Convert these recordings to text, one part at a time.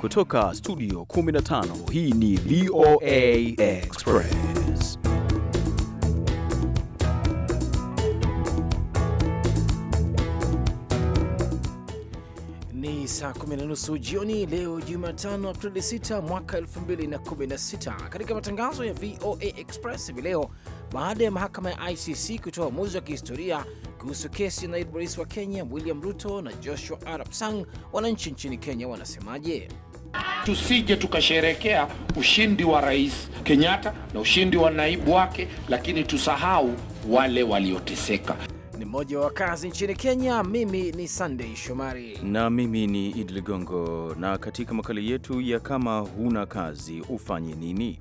Kutoka studio 15 hii ni VOA Express. Ni saa kumi na nusu jioni leo Jumatano, Aprili 6 mwaka 2016. Katika matangazo ya VOA Express hivi leo, baada ya mahakama ya ICC kutoa uamuzi wa kihistoria kuhusu kesi naibu rais wa Kenya William Ruto na Joshua Arap Sang, wananchi nchini Kenya wanasemaje? Tusije tukasherekea ushindi wa Rais Kenyatta na ushindi wa naibu wake, lakini tusahau wale walioteseka. Ni mmoja wa wakazi nchini Kenya. Mimi ni Sunday Shomari na mimi ni Idi Ligongo, na katika makala yetu ya kama huna kazi ufanye nini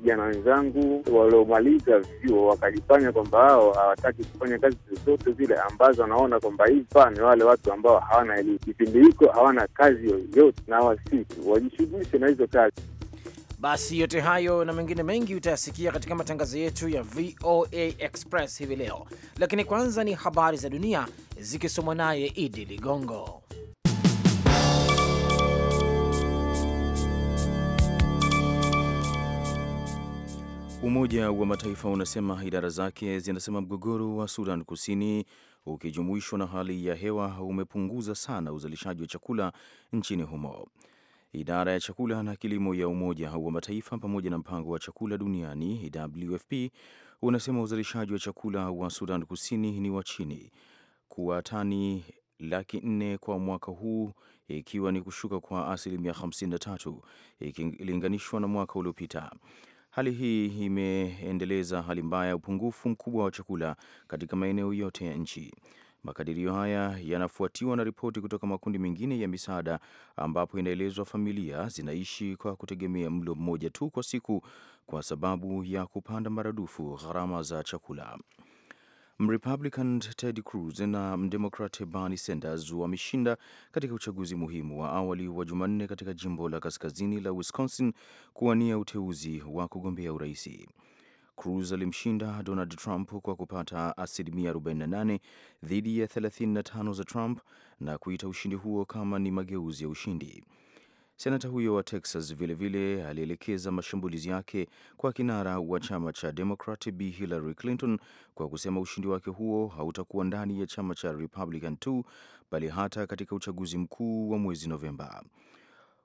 vijana wenzangu waliomaliza vyuo wakajifanya kwamba hao hawataki kufanya kazi zozote zile ambazo wanaona kwamba hivaa ni wale watu ambao hawana elimu, kipindi hiko hawana kazi yoyote, na wasiku wajishughulishe na hizo kazi. Basi yote hayo na mengine mengi utayasikia katika matangazo yetu ya VOA Express hivi leo, lakini kwanza ni habari za dunia zikisomwa naye Idi Ligongo. Umoja wa Mataifa unasema idara zake zinasema mgogoro wa Sudan Kusini ukijumuishwa na hali ya hewa umepunguza sana uzalishaji wa chakula nchini humo. Idara ya chakula na kilimo ya Umoja wa Mataifa pamoja na mpango wa chakula duniani WFP unasema uzalishaji wa chakula wa Sudan Kusini ni wa chini kuwa tani laki nne kwa mwaka huu ikiwa ni kushuka kwa asilimia 53 ikilinganishwa na mwaka uliopita. Hali hii imeendeleza hali mbaya ya upungufu mkubwa wa chakula katika maeneo yote ya nchi. Makadirio haya yanafuatiwa na ripoti kutoka makundi mengine ya misaada, ambapo inaelezwa familia zinaishi kwa kutegemea mlo mmoja tu kwa siku kwa sababu ya kupanda maradufu gharama za chakula. Mrepublican Ted Cruz na Mdemokrat Bernie Sanders wameshinda katika uchaguzi muhimu wa awali wa Jumanne katika jimbo la kaskazini la Wisconsin kuwania uteuzi wa kugombea uraisi. Cruz alimshinda Donald Trump kwa kupata asilimia 48 dhidi ya 35 za Trump na kuita ushindi huo kama ni mageuzi ya ushindi. Senata huyo wa Texas vilevile alielekeza mashambulizi yake kwa kinara wa chama cha Democrat b Hillary Clinton kwa kusema ushindi wake huo hautakuwa ndani ya chama cha Republican tu bali hata katika uchaguzi mkuu wa mwezi Novemba.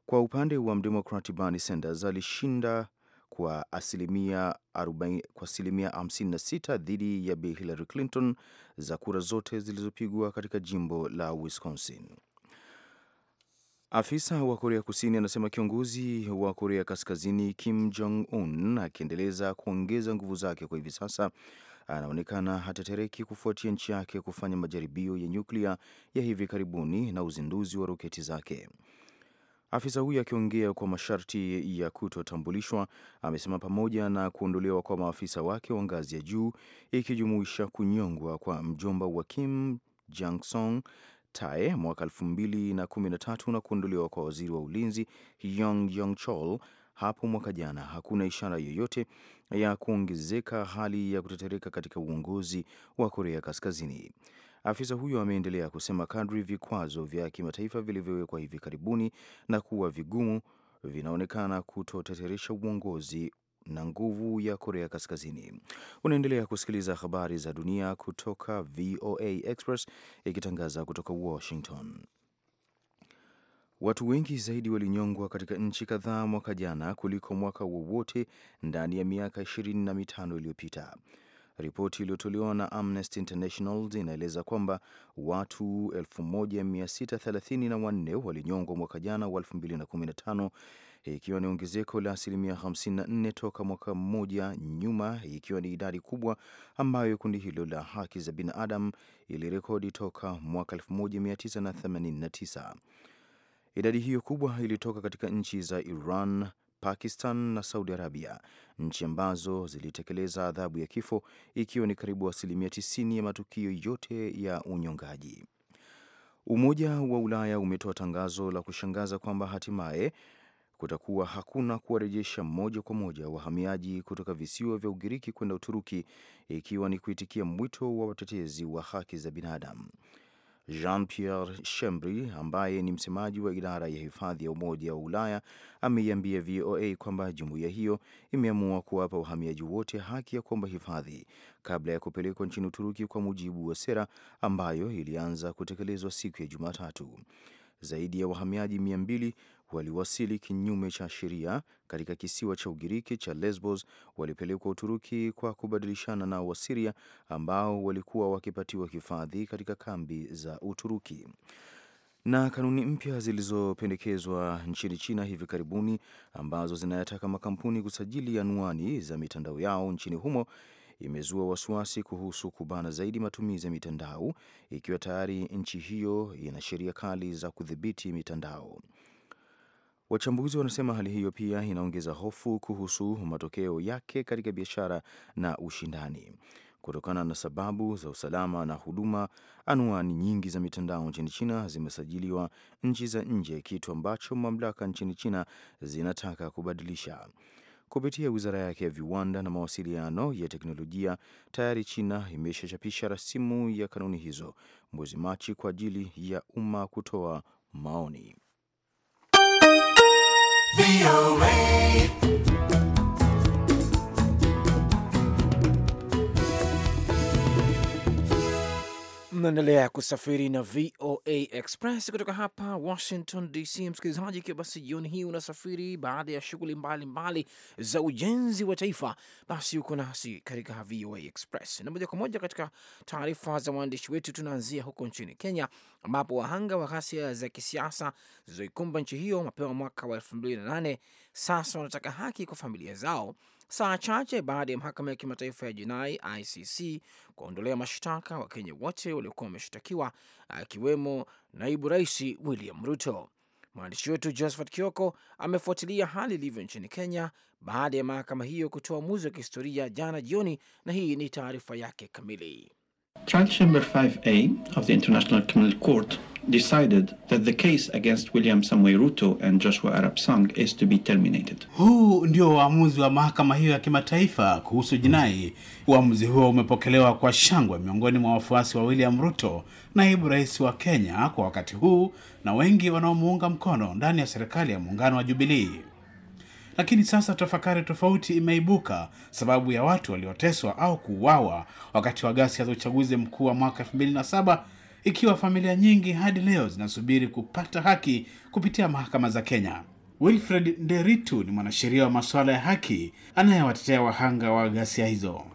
Kwa upande wa mdemokrat Bernie Sanders alishinda kwa asilimia 56 dhidi ya b Hillary Clinton za kura zote zilizopigwa katika jimbo la Wisconsin. Afisa wa Korea Kusini anasema kiongozi wa Korea Kaskazini Kim Jong Un akiendeleza kuongeza nguvu zake kwa hivi sasa anaonekana hatetereki kufuatia nchi yake kufanya majaribio ya nyuklia ya hivi karibuni na uzinduzi wa roketi zake. Afisa huyo akiongea kwa masharti ya kutotambulishwa amesema pamoja na kuondolewa kwa maafisa wake wa ngazi ya juu ikijumuisha kunyongwa kwa mjomba wa Kim Jong Song Tae mwaka 2013 na kuondolewa kwa waziri wa ulinzi Yong Yong Chol hapo mwaka jana. Hakuna ishara yoyote ya kuongezeka hali ya kutetereka katika uongozi wa Korea Kaskazini. Afisa huyo ameendelea kusema kadri vikwazo vya kimataifa vilivyowekwa hivi karibuni na kuwa vigumu vinaonekana kutoteteresha uongozi na nguvu ya Korea Kaskazini. Unaendelea kusikiliza habari za dunia kutoka VOA Express ikitangaza kutoka Washington. Watu wengi zaidi walinyongwa katika nchi kadhaa mwaka jana kuliko mwaka wowote ndani ya miaka ishirini na mitano iliyopita. Ripoti iliyotolewa na Amnesty International inaeleza kwamba watu 1634 walinyongwa mwaka jana wa 2015 ikiwa ni ongezeko la asilimia 54 toka mwaka mmoja nyuma, ikiwa ni idadi kubwa ambayo kundi hilo la haki za binadamu ilirekodi toka mwaka 1989. Idadi hiyo kubwa ilitoka katika nchi za Iran, Pakistan na Saudi Arabia, nchi ambazo zilitekeleza adhabu ya kifo ikiwa ni karibu asilimia 90 ya matukio yote ya unyongaji. Umoja wa Ulaya umetoa tangazo la kushangaza kwamba hatimaye kutakuwa hakuna kuwarejesha moja kwa moja wahamiaji kutoka visiwa vya Ugiriki kwenda Uturuki, ikiwa ni kuitikia mwito wa watetezi wa haki za binadamu. Jean Pierre Shembri ambaye ni msemaji wa idara ya hifadhi ya Umoja wa Ulaya ameiambia VOA kwamba jumuiya hiyo imeamua kuwapa wahamiaji wote haki ya kuomba hifadhi kabla ya kupelekwa nchini Uturuki kwa mujibu wa sera ambayo ilianza kutekelezwa siku ya Jumatatu. Zaidi ya wahamiaji mia mbili waliwasili kinyume cha sheria katika kisiwa cha Ugiriki cha Lesbos walipelekwa Uturuki kwa kubadilishana na Wasiria ambao walikuwa wakipatiwa hifadhi katika kambi za Uturuki. Na kanuni mpya zilizopendekezwa nchini China hivi karibuni ambazo zinayataka makampuni kusajili anwani za mitandao yao nchini humo imezua wasiwasi kuhusu kubana zaidi matumizi ya mitandao ikiwa tayari nchi hiyo ina sheria kali za kudhibiti mitandao. Wachambuzi wanasema hali hiyo pia inaongeza hofu kuhusu matokeo yake katika biashara na ushindani. Kutokana na sababu za usalama na huduma, anwani nyingi za mitandao nchini China zimesajiliwa nchi za nje, kitu ambacho mamlaka nchini China zinataka kubadilisha. Kupitia wizara yake ya viwanda na mawasiliano ya teknolojia, tayari China imeshachapisha rasimu ya kanuni hizo mwezi Machi kwa ajili ya umma kutoa maoni. VOA Mnaendelea kusafiri na VOA Express kutoka hapa Washington DC, msikilizaji. Ikiwa basi jioni hii unasafiri baada ya shughuli mbalimbali za ujenzi wa taifa, basi uko nasi katika VOA Express na moja kwa moja. Katika taarifa za waandishi wetu, tunaanzia huko nchini Kenya, ambapo wahanga wa ghasia za kisiasa zilizoikumba nchi hiyo mapema mwaka wa 2008 sasa wanataka haki kwa familia zao saa chache baada ya mahakama ya kimataifa ya jinai ICC kuwaondolea mashtaka Wakenya wote waliokuwa wameshtakiwa, akiwemo naibu rais William Ruto. Mwandishi wetu Josephat Kioko amefuatilia hali ilivyo nchini Kenya baada ya mahakama hiyo kutoa uamuzi wa kihistoria jana jioni, na hii ni taarifa yake kamili. Trial Chamber 5A of the International Criminal Court decided that the case against William Samuel Ruto and Joshua Arab Sang is to be terminated. Huu ndio uamuzi wa mahakama hiyo ya kimataifa kuhusu jinai. Uamuzi huo umepokelewa kwa shangwe miongoni mwa wafuasi wa William Ruto, naibu rais wa Kenya kwa wakati huu, na wengi wanaomuunga mkono ndani ya serikali ya muungano wa Jubilee lakini sasa tafakari tofauti imeibuka sababu ya watu walioteswa au kuuawa wakati wa gasia za uchaguzi mkuu wa mwaka 27 ikiwa familia nyingi hadi leo zinasubiri kupata haki kupitia mahakama za Kenya. Wilfred Nderitu ni mwanasheria wa masuala ya haki anayewatetea wahanga wa ghasia hizo.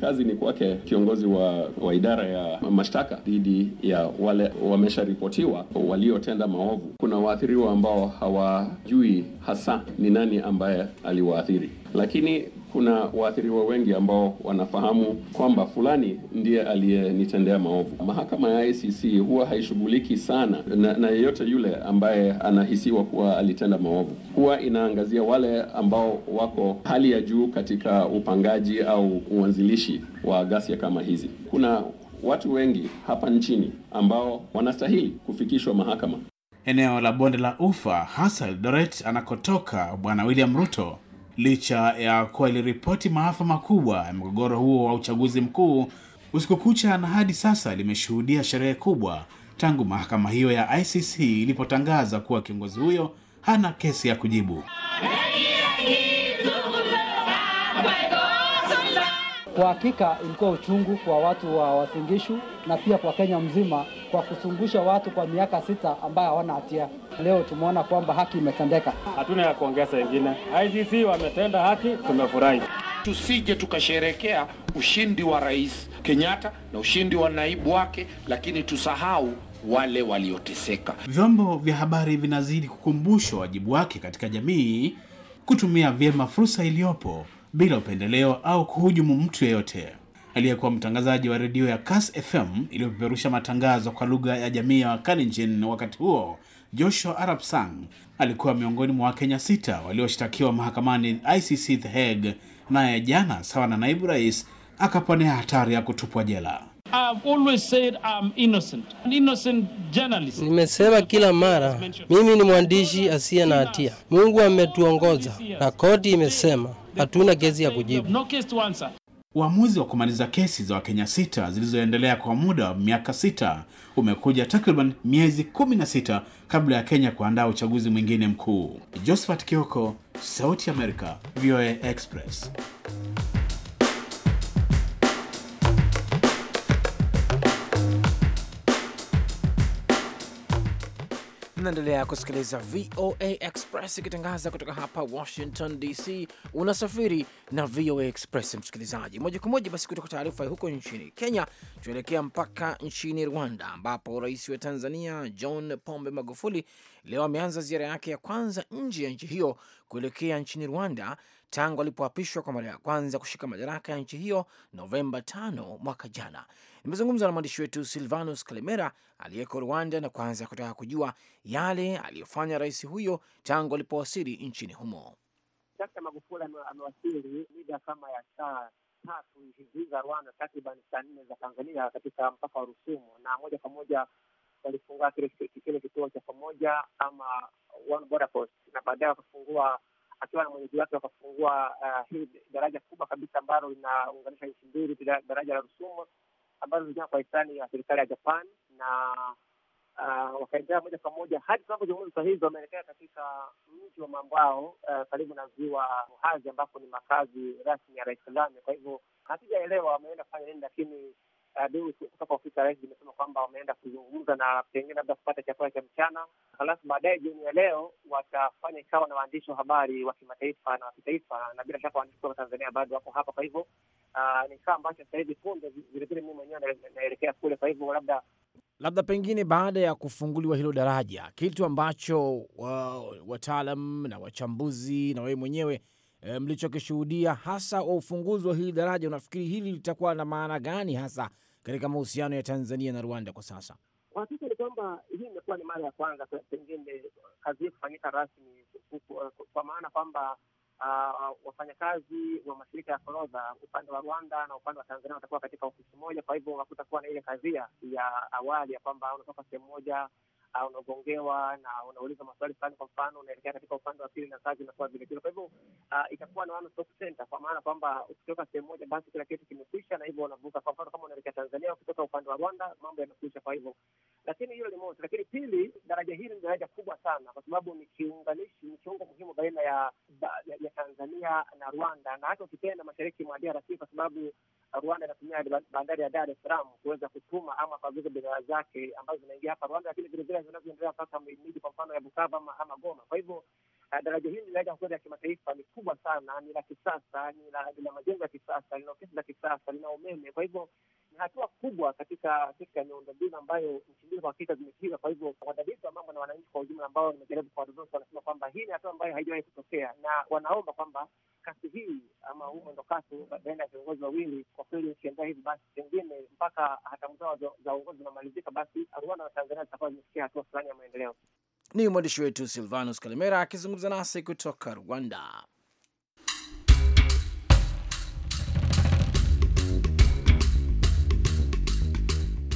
Kazi ni kwake kiongozi wa, wa idara ya mashtaka dhidi ya wale wamesharipotiwa waliotenda maovu. Kuna waathiriwa ambao hawajui hasa ni nani ambaye aliwaathiri, lakini kuna waathiriwa wengi ambao wanafahamu kwamba fulani ndiye aliyenitendea maovu. Mahakama ya ICC huwa haishughuliki sana na, na yeyote yule ambaye anahisiwa kuwa alitenda maovu. Huwa inaangazia wale ambao wako hali ya juu katika upangaji au uanzilishi wa ghasia kama hizi. Kuna watu wengi hapa nchini ambao wanastahili kufikishwa mahakama. Eneo la bonde la ufa hasa Eldoret anakotoka Bwana William Ruto licha ya kuwa iliripoti maafa makubwa ya mgogoro huo wa uchaguzi mkuu usiku kucha, na hadi sasa limeshuhudia sherehe kubwa tangu mahakama hiyo ya ICC ilipotangaza kuwa kiongozi huyo hana kesi ya kujibu. Kwa hakika ilikuwa uchungu kwa watu wa Wasingishu na pia kwa Kenya mzima kwa kusungusha watu kwa miaka sita ambayo hawana hatia. Leo tumeona kwamba haki imetendeka, hatuna ya kuongeza wengine. ICC wametenda haki, tumefurahi. Tusije tukasherekea ushindi wa Rais Kenyatta na ushindi wa naibu wake, lakini tusahau wale walioteseka. Vyombo vya habari vinazidi kukumbushwa wajibu wake katika jamii, kutumia vyema fursa iliyopo bila upendeleo au kuhujumu mtu yeyote. Aliyekuwa mtangazaji wa redio ya cas FM iliyopeperusha matangazo kwa lugha ya jamii ya Wakalenjin wakati huo, Joshua Arap Sang alikuwa miongoni mwa Wakenya sita walioshtakiwa mahakamani ICC The Hague, naye jana, sawa na naibu rais, akaponea hatari ya kutupwa jela. Nimesema kila mara mimi ni mwandishi asiye na hatia. Mungu ametuongoza na koti imesema Hatuna kesi ya kujibu. Uamuzi wa kumaliza kesi za Wakenya sita zilizoendelea kwa muda wa miaka sita umekuja takriban miezi kumi na sita kabla ya Kenya kuandaa uchaguzi mwingine mkuu. Josephat Kioko, Sauti ya Amerika, VOA Express. Unaendelea kusikiliza VOA Express ikitangaza kutoka hapa Washington DC. Unasafiri na VOA Express msikilizaji, moja kwa moja. Basi kutoka taarifa huko nchini Kenya, tuelekea mpaka nchini Rwanda, ambapo rais wa Tanzania John Pombe Magufuli leo ameanza ziara yake ya kwanza nje ya nchi hiyo kuelekea nchini Rwanda tangu alipoapishwa kwa mara ya kwanza kushika madaraka ya nchi hiyo Novemba 5 mwaka jana. Nimezungumza na mwandishi wetu Silvanus kalimera aliyeko Rwanda na kwanza kutaka kujua yale aliyofanya rais huyo tangu alipowasili nchini humo. Dkt. Magufuli amewasili mida kama ya saa tatu hivi za Rwanda, takriban saa nne za Tanzania, katika mpaka wa Rusumo, na moja kwa moja walifungua kile kituo cha pamoja ama one border post, na baadaye wakafungua akiwa na mwenyeji wake wakafungua uh, hili daraja kubwa kabisa ambalo linaunganisha nchi mbili, daraja la Rusumo ambazo zilijaa kwa hisani ya serikali ya Japan na uh, wakaendelea moja kwa moja hadi tunapozungumza saa hizi, wameelekea katika mji wa Mambwao uh, karibu na ziwa Muhazi ambapo ni makazi rasmi ya rais Salame. Kwa hivyo hatujaelewa wameenda kufanya nini, lakini Deu kutoka ofisi ya rais imesema kwamba wameenda kuzungumza na pengine labda kupata chakula cha mchana, halafu baadaye jioni ya leo watafanya kikao na waandishi wa habari wa kimataifa na wa kitaifa, na bila shaka waandishi wa Tanzania bado wako hapa. Kwa hivyo ah, ni kikao ambacho sasa hivi punde vilevile mimi mwenyewe naelekea kule. Kwa hivyo labda labda pengine baada ya kufunguliwa hilo daraja, kitu ambacho wataalam na wachambuzi na wewe mwenyewe Eh, mlichokishuhudia hasa wa ufunguzi wa hili daraja, unafikiri hili litakuwa na maana gani hasa katika mahusiano ya Tanzania na Rwanda kwa sasa? Kwa hakika ni kwamba hii imekuwa ni mara ya kwanza pengine kazi hii kufanyika rasmi, kwa maana kwamba uh, wafanyakazi wa mashirika ya forodha upande wa Rwanda na upande wa Tanzania watakuwa katika ofisi moja. Kwa hivyo hakutakuwa na ile kazia ya awali ya kwamba unatoka sehemu moja Ah, unagongewa na unauliza maswali fulani, kwa mfano unaelekea katika upande wa pili na kazi zinakuwa vile vile. Kwa hivyo uh, itakuwa na one stop center, kwa maana kwamba ukitoka sehemu moja, basi kila kitu kimekwisha, na hivyo unavuka. Kwa mfano kama unaelekea Tanzania, ukitoka upande wa Rwanda, mambo yamekwisha. Kwa hivyo lakini hilo ni moja, lakini pili, daraja hili ni daraja kubwa sana, kwa sababu ni kiunganishi, ni kiungo muhimu baina ya, ya, ya Tanzania na Rwanda na hata ukipenda mashariki mwa DRC kwa sababu Rwanda inatumia bandari ya Dar es Salaam kuweza kutuma ama kuagiza bidhaa zake ambazo zinaingia hapa Rwanda, lakini vilevile zinazoendelea sasa miji kwa mfano ya bukavu ama Goma. Kwa hivyo eh, daraja hili linaweza kuwa ya kimataifa, ni kubwa sana, ni la kisasa, la majengo ya kisasa, lina ofisi za kisasa, lina umeme. Kwa hivyo ni hatua kubwa katika sekta ya miundombinu ambayo nchi mbili kwa hakika zimepiga. Kwa hivyo wadadisi wa mambo na wananchi kwa ujumla ambao wamejaribu kuwadodosa wanasema kwamba hii ni hatua ambayo haijawahi kutokea, na wanaomba kwamba kasi hii ama huu mwendokasi baina ya viongozi wawili kwa kweli, ukiendea hivi basi pengine mpaka hatamu zao za uongozi zinamalizika, basi Rwanda na Tanzania zitakuwa zimefikia hatua fulani ya maendeleo. Ni mwandishi wetu Silvanus Kalimera akizungumza nasi kutoka Rwanda.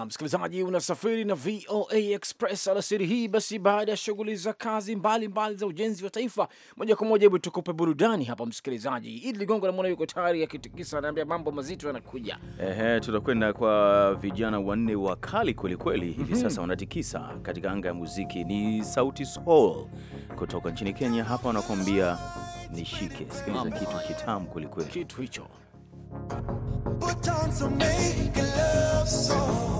na msikilizaji, unasafiri na VOA Express alasiri hii. Basi baada ya shughuli za kazi mbalimbali mbali za ujenzi wa taifa, moja kwa moja, hebu tukupe burudani hapa. Msikilizaji, Idi Ligongo namwona yuko tayari akitikisa, anaambia mambo mazito yanakuja. Ehe, tutakwenda kwa vijana wanne wakali kwelikweli hivi mhm. sasa wanatikisa katika anga ya muziki. Ni Sauti Sol kutoka nchini Kenya, hapa wanakuambia nishike. Sikiliza kitu kitamu kwelikweli, kitu hicho. Put on some make a love song.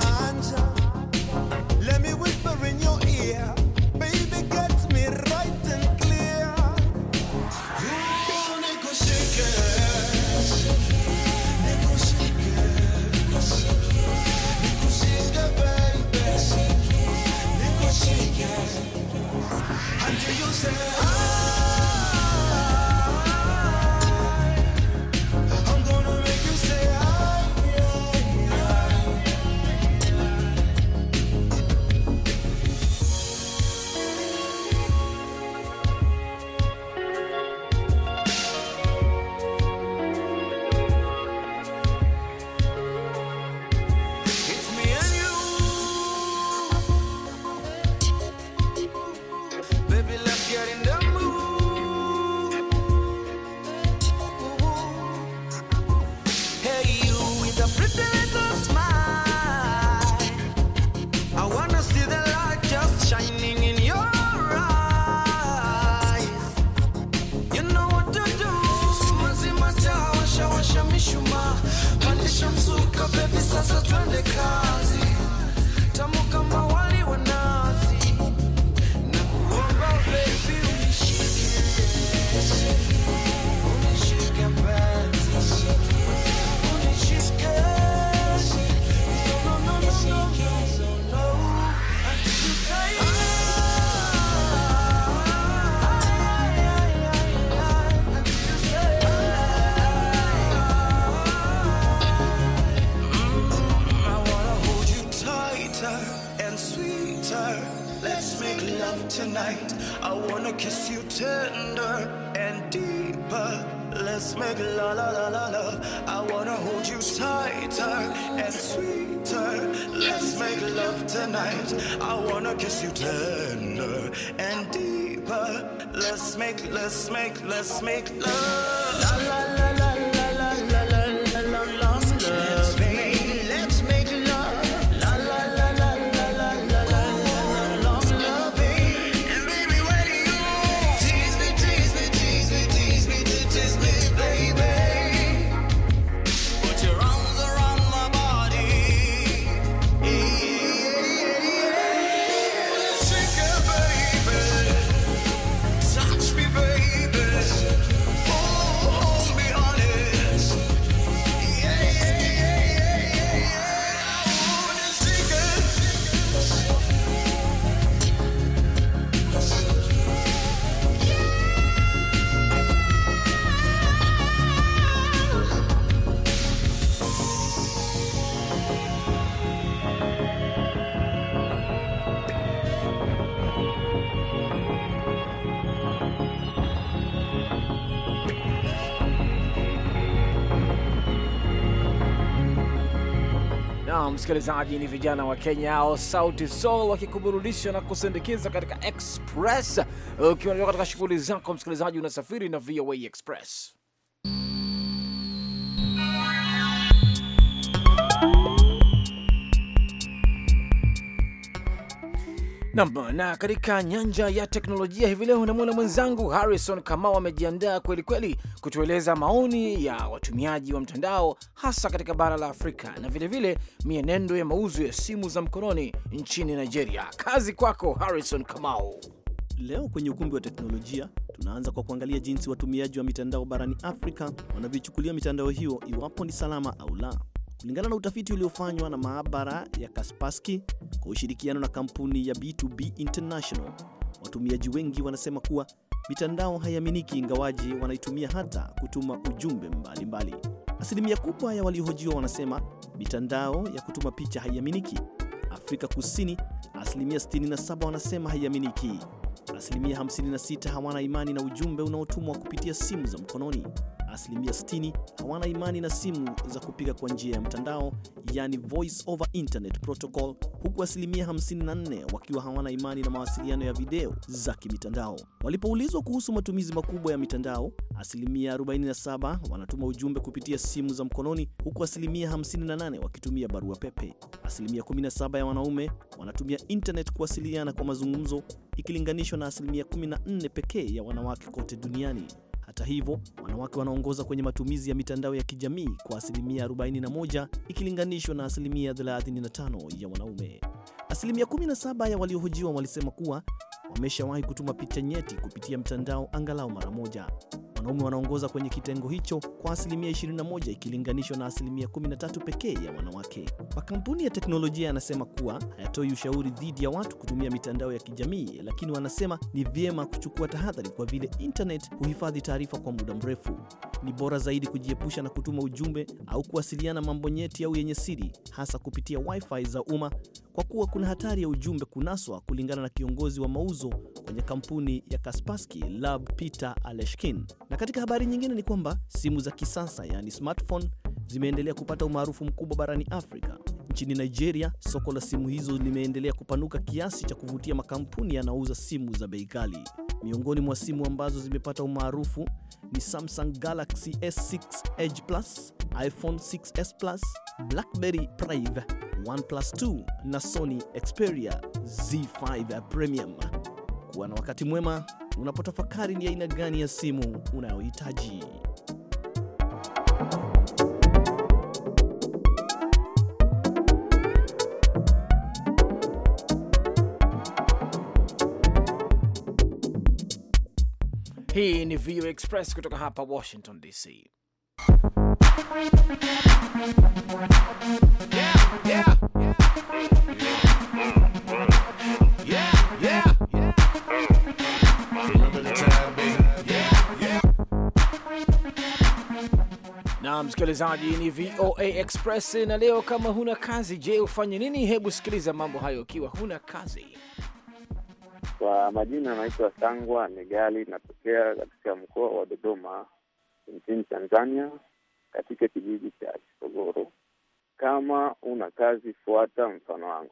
tighter and sweeter. Let's make love tonight. I wanna kiss you tender and deeper. Let's make, let's make, let's make love. La, la, la. msikilizaji, ni vijana wa Kenya au Sauti Sol wakikuburudisha na kusindikiza katika Express. Ukiwa katika shughuli zako msikilizaji, unasafiri na VOA Express. Nam. Na katika nyanja ya teknolojia hivi leo namwona mwenzangu Harrison Kamau amejiandaa kweli kweli kutueleza maoni ya watumiaji wa mtandao hasa katika bara la Afrika na vilevile mienendo ya mauzo ya simu za mkononi nchini Nigeria. Kazi kwako Harrison Kamau. Leo kwenye ukumbi wa teknolojia tunaanza kwa kuangalia jinsi watumiaji wa mitandao barani Afrika wanavyochukulia mitandao hiyo, iwapo ni salama au la. Kulingana na utafiti uliofanywa na maabara ya Kaspersky kwa ushirikiano na kampuni ya B2B International, watumiaji wengi wanasema kuwa mitandao haiaminiki ingawaji wanaitumia hata kutuma ujumbe mbalimbali. Asilimia kubwa ya waliohojiwa wanasema mitandao ya kutuma picha haiaminiki. Afrika Kusini, asilimia 67 wanasema haiaminiki. Asilimia 56 hawana imani na ujumbe unaotumwa kupitia simu za mkononi asilimia 60 hawana imani na simu za kupiga kwa njia ya mtandao, yani voice over internet protocol, huku asilimia 54 wakiwa hawana imani na mawasiliano ya video za kimitandao. Walipoulizwa kuhusu matumizi makubwa ya mitandao, asilimia 47 wanatuma ujumbe kupitia simu za mkononi, huku asilimia 58 wakitumia barua pepe. Asilimia 17 ya wanaume wanatumia internet kuwasiliana kwa mazungumzo ikilinganishwa na asilimia 14 pekee ya wanawake kote duniani. Hata hivyo, wanawake wanaongoza kwenye matumizi ya mitandao ya kijamii kwa asilimia 41 ikilinganishwa na asilimia 35 ya wanaume. Asilimia 17 ya waliohojiwa walisema kuwa wameshawahi kutuma picha nyeti kupitia mtandao angalau mara moja wanaume wanaongoza kwenye kitengo hicho kwa asilimia 21 ikilinganishwa na asilimia 13 pekee ya wanawake. Makampuni ya teknolojia yanasema kuwa hayatoi ushauri dhidi ya watu kutumia mitandao ya kijamii, lakini wanasema ni vyema kuchukua tahadhari kwa vile internet huhifadhi taarifa kwa muda mrefu. Ni bora zaidi kujiepusha na kutuma ujumbe au kuwasiliana mambo nyeti au yenye siri, hasa kupitia wifi za umma, kwa kuwa kuna hatari ya ujumbe kunaswa, kulingana na kiongozi wa mauzo kwenye kampuni ya Kaspersky Lab Peter Aleshkin. Na katika habari nyingine ni kwamba simu za kisasa yaani smartphone zimeendelea kupata umaarufu mkubwa barani Afrika. Nchini Nigeria, soko la simu hizo limeendelea kupanuka kiasi cha kuvutia makampuni yanayouza simu za bei ghali. Miongoni mwa simu ambazo zimepata umaarufu ni Samsung Galaxy S6 Edge Plus, iPhone 6s Plus, BlackBerry Prive, OnePlus 2 na Sony Xperia Z5 Premium. Kuwa na wakati mwema unapotafakari ni aina gani ya simu unayohitaji. Hii ni VOA Express kutoka hapa Washington DC. Yeah, yeah, yeah. msikilizaji, ni VOA Express na leo, kama huna kazi, je, ufanye nini? Hebu sikiliza mambo hayo ukiwa huna kazi. Kwa majina anaitwa Sangwa Negali, natokea katika mkoa wa Dodoma nchini Tanzania, katika kijiji cha Kisogoro. Kama una kazi, fuata mfano wangu.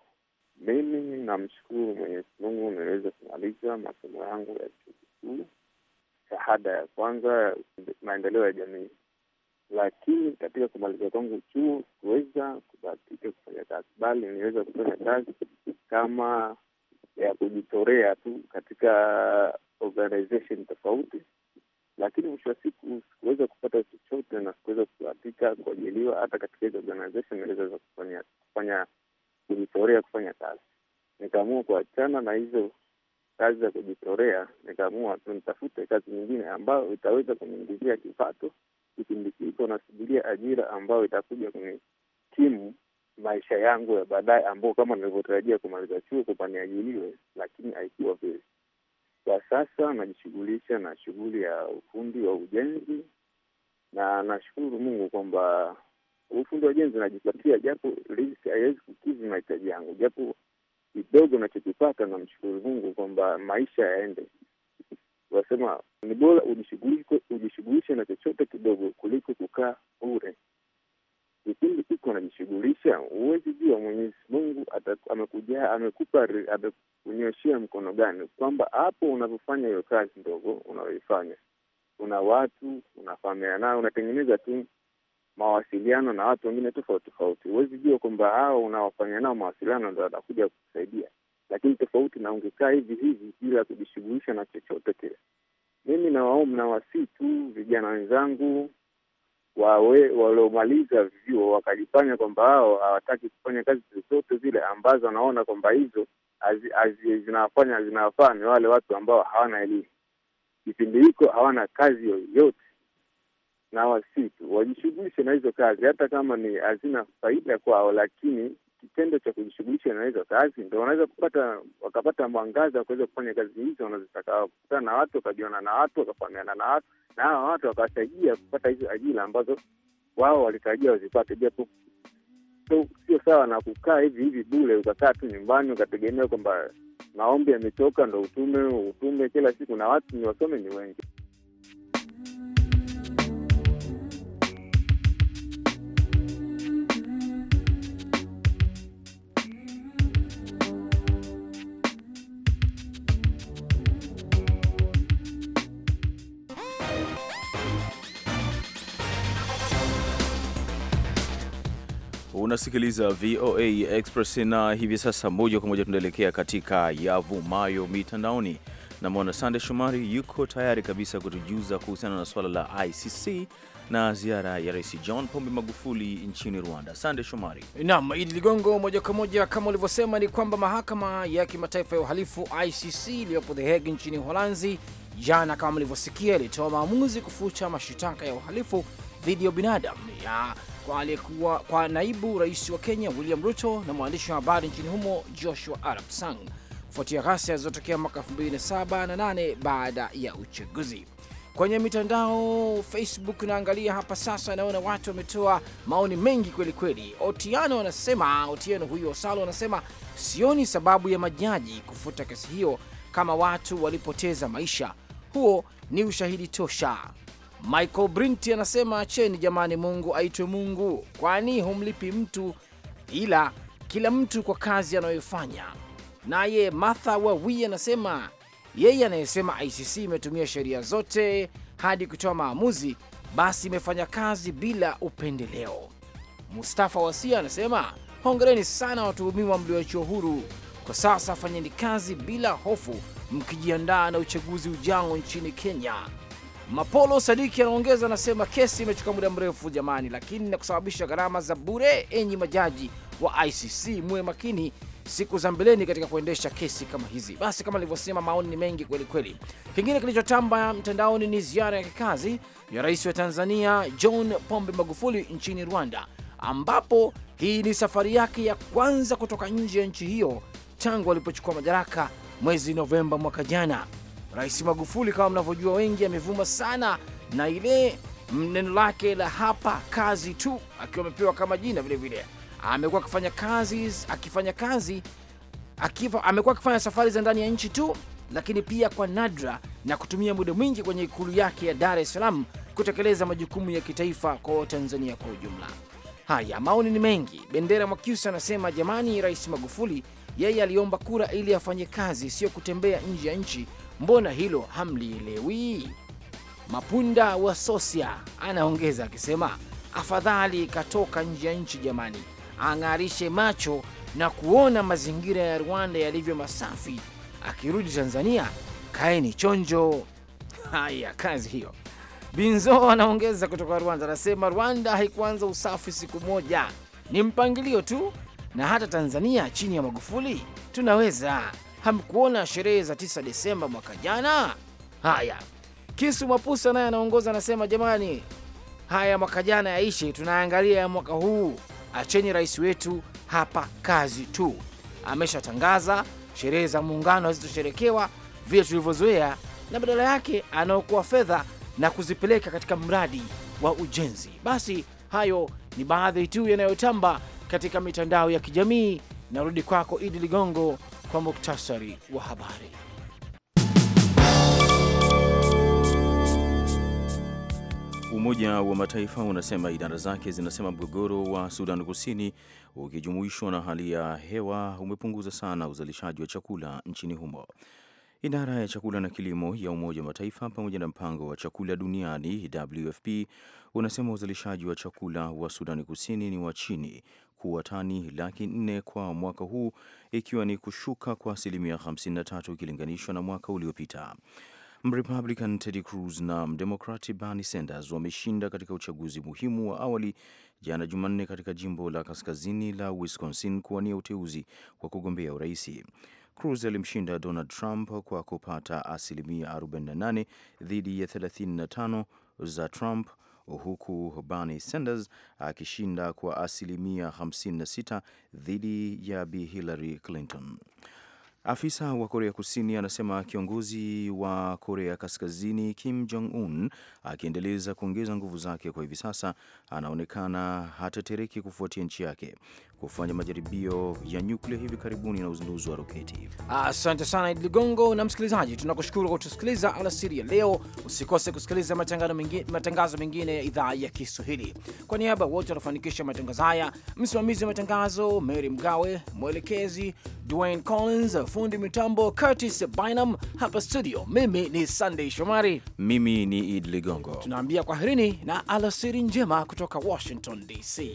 Mimi namshukuru Mwenyezi Mungu, nimeweza kumaliza masomo yangu ya chuo kikuu, shahada ya kwanza, maendeleo ya jamii lakini katika kumalizia kwangu chuo sikuweza kubatika kufanya kazi, bali niliweza kufanya kazi kama ya kujitorea tu katika organization tofauti, lakini mwisho wa siku sikuweza kupata chochote na sikuweza kubatika kuajiliwa hata katika hizo organization niliweza kufanya kufanya kujitorea kufanya kazi. Nikaamua kuachana na hizo kazi za kujitorea, nikaamua tu nitafute kazi nyingine ambayo itaweza kuniingizia kipato kipindi kiko nasubiria ajira ambayo itakuja kwenye timu maisha yangu ya baadaye, ambao kama nilivyotarajia kumaliza chuo kwamba niajiliwe, lakini haikuwa vile. Kwa sasa najishughulisha na shughuli ya ufundi wa ujenzi, na nashukuru Mungu kwamba ufundi wa ujenzi najipatia, japo haiwezi kukidhi mahitaji yangu, japo kidogo nachokipata, namshukuru Mungu kwamba maisha yaende. Unasema ni bora ujishughulishe na chochote kidogo kuliko kukaa bure. Kipindi iko najishughulisha, huwezi jua Mwenyezi Mungu amekuja amekupa amekunyoshia mkono gani, kwamba hapo unavyofanya hiyo kazi ndogo unayoifanya, kuna watu unafahamiana nao, unatengeneza tu mawasiliano na watu wengine tofauti tofauti. Huwezi jua kwamba hao unawafanya nao mawasiliano ndo atakuja kusaidia lakini tofauti na ungekaa hivi hivi bila kujishughulisha na chochote kile. Mimi nawaomba na wasii tu vijana wenzangu wawe waliomaliza vyuo wakajifanya kwamba hao hawataki kufanya kazi zozote zile ambazo wanaona kwamba hizo zinawafanya zinawafaa ni wale watu ambao hawana elimu, kipindi hiko hawana kazi yoyote, na wasitu wajishughulishe na hizo kazi, hata kama ni hazina faida kwao, lakini kitendo cha kujishughulisha na hizo kazi, ndo wanaweza kupata wakapata mwangaza wa kuweza kufanya kazi hizo wanazotaka, wakakutana na watu, wakajiona na watu, wakafahamiana na watu, na hawa watu wakawasaidia kupata hizo ajira ambazo wao walitarajia wazipate, japo so, sio sawa na kukaa hivi hivi bule, ukakaa tu nyumbani ukategemea kwamba maombi yametoka ndo utume utume kila siku, na watu ni wasome ni wengi. Unasikiliza VOA Express na hivi sasa moja kwa moja tunaelekea katika yavumayo mitandaoni. Namwona Sande Shomari yuko tayari kabisa kutujuza kuhusiana na suala la ICC na ziara ya Rais John Pombe Magufuli nchini Rwanda. Sande Shomari. Naam, Idi Ligongo, moja kwa moja kama ulivyosema ni kwamba mahakama ya kimataifa ya uhalifu ICC iliyopo The Hague nchini Uholanzi jana, kama mlivyosikia, ilitoa maamuzi kufuta mashitaka ya uhalifu dhidi ya binadamu ya kwa aliyekuwa kwa naibu rais wa Kenya William Ruto na mwandishi wa habari nchini humo Joshua arabsang Sang kufuatia ghasia zilizotokea mwaka 2007 na baada ya uchaguzi. Kwenye mitandao Facebook naangalia hapa sasa, naona watu wametoa maoni mengi kweli kweli. Otiano anasema, Otiano huyu Osalo anasema sioni sababu ya majaji kufuta kesi hiyo kama watu walipoteza maisha, huo ni ushahidi tosha. Michael Brinti anasema acheni jamani, Mungu aitwe Mungu, kwani humlipi mtu ila kila mtu kwa kazi anayoifanya. Naye Martha Wawi anasema yeye anayesema ICC imetumia sheria zote hadi kutoa maamuzi, basi imefanya kazi bila upendeleo. Mustafa Wasia anasema hongereni sana watuhumiwa mlioachiwa huru, kwa sasa fanyeni kazi bila hofu, mkijiandaa na uchaguzi ujao nchini Kenya. Mapolo Sadiki anaongeza anasema, kesi imechukua muda mrefu jamani, lakini na kusababisha gharama za bure. Enyi majaji wa ICC muwe makini siku za mbeleni katika kuendesha kesi kama hizi. Basi kama nilivyosema, maoni ni mengi kweli kweli. Kingine kilichotamba mtandaoni ni ziara ya kikazi ya rais wa Tanzania John Pombe Magufuli nchini Rwanda, ambapo hii ni safari yake ya kwanza kutoka nje ya nchi hiyo tangu alipochukua madaraka mwezi Novemba mwaka jana. Rais Magufuli kama mnavyojua wengi amevuma sana na ile neno lake la hapa kazi tu, akiwa amepewa kama jina vile. Amekuwa akifanya kazi akifanya kazi akifa, amekuwa akifanya safari za ndani ya nchi tu, lakini pia kwa nadra na kutumia muda mwingi kwenye ikulu yake ya Dar es Salaam kutekeleza majukumu ya kitaifa kwa Watanzania kwa ujumla. Haya, maoni ni mengi. Bendera Mwakiusa anasema jamani, Rais Magufuli yeye aliomba kura ili afanye kazi, sio kutembea nje ya nchi Mbona hilo hamlielewi? Mapunda wa Sosia anaongeza akisema, afadhali katoka nje ya nchi jamani, ang'arishe macho na kuona mazingira ya Rwanda yalivyo masafi. Akirudi Tanzania kaeni chonjo. Haya, kazi hiyo. Binzo anaongeza kutoka Rwanda, anasema Rwanda haikuanza usafi siku moja, ni mpangilio tu, na hata Tanzania chini ya Magufuli tunaweza hamkuona sherehe za 9 Desemba mwaka jana? Haya, Kisu mapusa naye anaongoza anasema, jamani, haya mwaka jana yaishi tunaangalia ya mwaka huu. Acheni rais wetu hapa kazi tu, ameshatangaza sherehe za muungano hazitosherekewa vile tulivyozoea, na badala yake anaokoa fedha na kuzipeleka katika mradi wa ujenzi. Basi hayo ni baadhi tu yanayotamba katika mitandao ya kijamii. Narudi kwako Idi Ligongo kwa muktasari wa habari. Umoja wa Mataifa unasema idara zake zinasema mgogoro wa Sudan Kusini ukijumuishwa na hali ya hewa umepunguza sana uzalishaji wa chakula nchini humo. Idara ya chakula na kilimo ya Umoja wa Mataifa pamoja na mpango wa chakula duniani WFP unasema uzalishaji wa chakula wa Sudani Kusini ni wa chini kuwa tani laki nne kwa mwaka huu, ikiwa ni kushuka kwa asilimia 53 ikilinganishwa na mwaka uliopita. Mrepublican Ted Cruz na mdemokrati Bernie Sanders wameshinda katika uchaguzi muhimu wa awali jana Jumanne katika jimbo la kaskazini la Wisconsin kuwania uteuzi wa kugombea uraisi. Cruz alimshinda Donald Trump kwa kupata asilimia 48 dhidi ya 35 za Trump, huku Bernie Sanders akishinda kwa asilimia 56 dhidi ya Bi Hillary Clinton. Afisa wa Korea Kusini anasema kiongozi wa Korea Kaskazini Kim Jong Un akiendeleza kuongeza nguvu zake kwa hivi sasa, anaonekana hatetereki kufuatia nchi yake kufanya majaribio ya nyuklia hivi karibuni na uzinduzi wa roketi. Asante sana Idi Ligongo na msikilizaji, tunakushukuru kwa kutusikiliza alasiri ya leo. Usikose kusikiliza matangazo mengine ya idhaa ya Kiswahili. Kwa niaba wote wanafanikisha matangazo haya, msimamizi wa matangazo Mary Mgawe, mwelekezi Dwayne Collins, fundi mitambo Curtis Bynam. Hapa studio, mimi ni sandey Shomari, mimi ni Idi Ligongo. Tunaambia kwaherini na alasiri njema kutoka Washington DC.